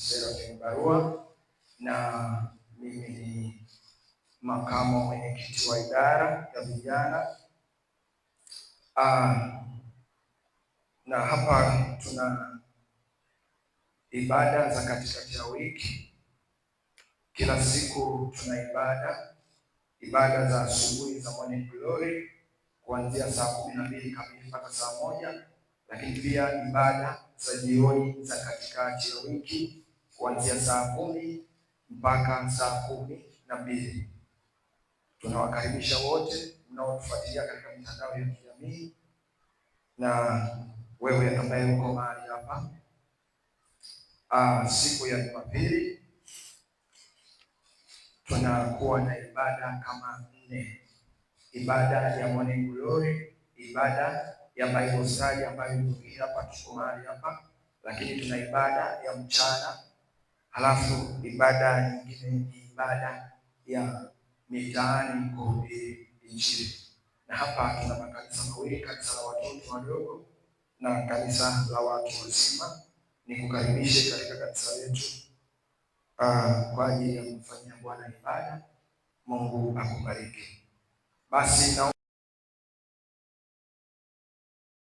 Zerafi Barua na mimi ni makamo mwenyekiti wa idara ya vijana ah, na hapa tuna ibada za katikati ya wiki. Kila siku tuna ibada, ibada za asubuhi za morning glory kuanzia saa kumi na mbili kamili mpaka saa moja, lakini pia ibada za jioni za katikati ya wiki kuanzia saa kumi mpaka saa kumi na mbili. Tunawakaribisha wote mnaotufuatilia katika mitandao ya kijamii na wewe ambaye uko mahali hapa. Ah, siku ya Jumapili tunakuwa na ibada kama nne: ibada ya morning glory, ibada ya Bible study ambayo hii hapa tuko mahali hapa, lakini tuna ibada ya mchana Halafu ibada nyingine ni ibada ya mitaani kote nchini, na hapa tuna makanisa mawili, kanisa la watoto wadogo na kanisa la watu wazima. Nikukaribishe katika kanisa letu uh, kwa ajili ya kumfanyia Bwana ibada. Mungu akubariki. Basi na